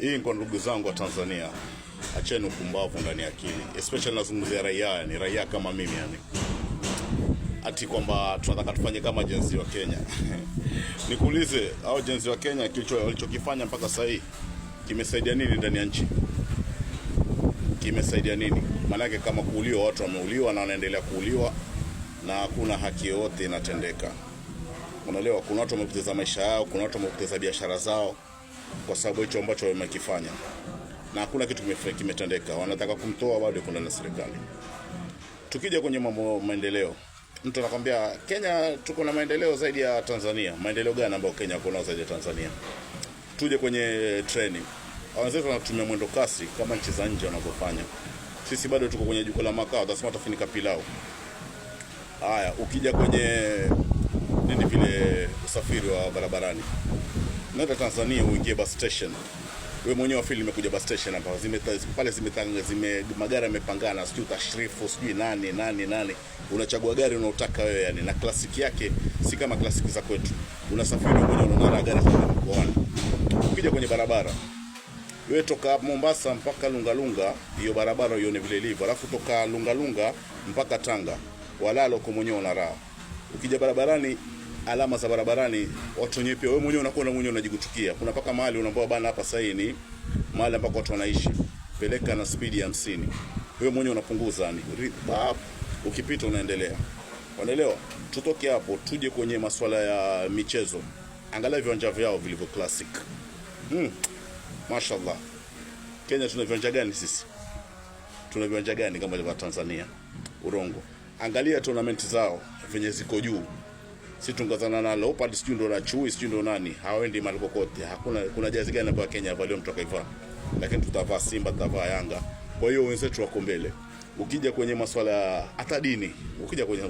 Hii kwa ndugu zangu wa Tanzania, acheni upumbavu ndani ya akili, especially nazungumzia raia, ni raia kama mimi yani. Ati kwamba tunataka tufanye kama jenzi wa Kenya nikuulize, au jenzi wa Kenya kilicho walichokifanya mpaka sasa hii kimesaidia nini ndani ya nchi? Kimesaidia nini? Maanake kama kuuliwa, watu wameuliwa na wanaendelea kuuliwa na hakuna haki yoyote inatendeka. Unaelewa, kuna watu wamepoteza maisha yao, kuna watu wamepoteza biashara zao kwa sababu hicho ambacho wamekifanya, na hakuna kitu kimetendeka. Wanataka kumtoa bado kuna na serikali. Tukija kwenye mambo maendeleo, mtu anakwambia Kenya tuko na maendeleo zaidi ya Tanzania. Maendeleo gani ambayo Kenya kuna zaidi ya Tanzania? Tuje kwenye treni, wenzetu wanatumia mwendo kasi kama nchi za nje wanavyofanya. Sisi bado tuko kwenye jukwaa la makaa, utasema tafunika pilau. Haya, ukija kwenye nini vile usafiri wa barabarani. Nenda Tanzania uingie bus station. Wewe mwenyewe afili nimekuja bus station hapa. Zime pale zimetanga zime magari yamepangana, sijui utashrifu, sijui nani nani nani. Unachagua gari unaotaka wewe yani, na klasiki yake si kama klasiki za kwetu. Unasafiri wewe unaona gari kutoka mkoani. Ukija kwenye barabara wewe toka Mombasa mpaka Lungalunga hiyo lunga, barabara ione vile ilivyo, alafu toka Lungalunga lunga, mpaka Tanga walalo kwa mwenyewe una raha. Ukija barabarani alama za barabarani, watu wenyewe pia wewe mwenyewe unakuwa mwenyewe unajikuchukia. Kuna paka mahali unaambiwa bana, hapa sasa ni mahali ambako watu wanaishi, peleka na spidi ya 50, Wewe mwenyewe unapunguza yani, ukipita unaendelea. Unaelewa? Tutoke hapo tuje kwenye masuala ya michezo, angalia viwanja vyao vilivyo classic. Mm. Mashallah. Kenya tuna viwanja gani sisi? Tuna viwanja gani kama ilivyo Tanzania? Urongo. Angalia tournament zao venye ziko juu si tungazana nalo Leopard sijui ndo na chui sijui ndo nani hawaendi mahali kokote. Hakuna kuna jazi gani ambayo Kenya avaliwa mtu akaivaa, lakini tutavaa Simba, tutavaa Yanga. Kwa hiyo wenzetu wako mbele. Ukija kwenye masuala hata dini, ukija kwenye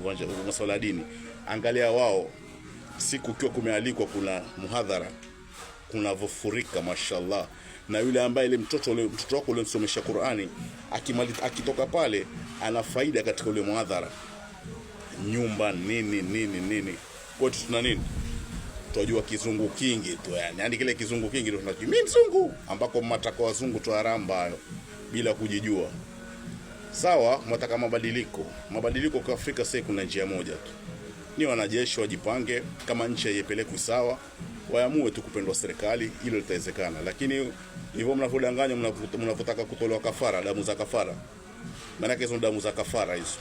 masuala ya dini, angalia wao siku ukiwa kumealikwa kuna muhadhara kunavyofurika mashallah, na yule ambaye ile mtoto ule mtoto wako ulimsomesha Qur'ani akimaliza akitoka pale ana faida katika ule muhadhara, nyumba nini nini nini kwetu tuna nini? Tunajua kizungu kingi tu yani, yani kile kizungu kingi ndio tunajua. Mimi mzungu ambako mmataka wazungu tu haramba bila kujijua. Sawa, mwataka mabadiliko. Mabadiliko kwa Afrika sasa kuna njia moja tu. Ni wanajeshi wajipange, kama nchi haipelekwi sawa, waamue tu kupendwa serikali, hilo litawezekana. Lakini hivyo mnavyodanganywa, mnavyotaka kutolewa kafara, damu za kafara. Maana hizo damu za kafara hizo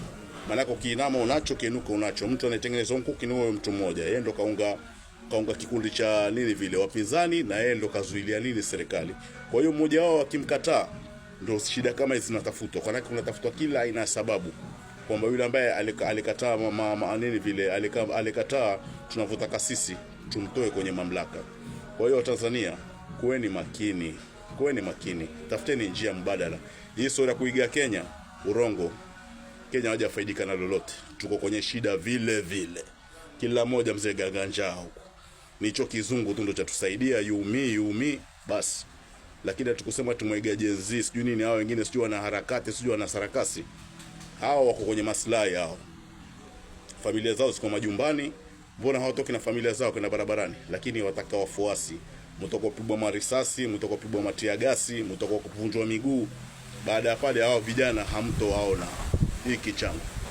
Manako kiinama unacho, kiinuka unacho. Mtu anatengeneza huku kinuo mtu mmoja, yeye ndo kaunga kaunga kikundi cha nini vile wapinzani, na yeye ndo kazuilia nini serikali. Kwa hiyo mmoja wao akimkataa, ndo shida kama hizi zinatafutwa, Kwa maanake kunatafutwa kila aina ya sababu kwamba yule ambaye alikataa nini vile alikataa tunavyotaka sisi tumtoe kwenye mamlaka. Kwa hiyo Tanzania, kuweni makini, kuweni makini, tafuteni njia mbadala. Hii sio ya kuiga Kenya, urongo. Kenya hawajafaidika na lolote, tuko kwenye shida vile vile, kila mmoja mzee gaganja huko. Nicho kizungu tu ndo cha tusaidia, yumi yumi basi, lakini hatukusema tumwega jenzi sijui nini. Hao wengine sijui wana harakati sijui wana sarakasi, hao wako kwenye maslahi yao, familia zao ziko majumbani. Mbona hawatoki na familia zao kwenda barabarani? Lakini wataka wafuasi, mtoko kupigwa marisasi, mtoko kupigwa matia gasi, mtoko kuvunjwa miguu. Baada ya pale, hao vijana hamto waona hiki changu.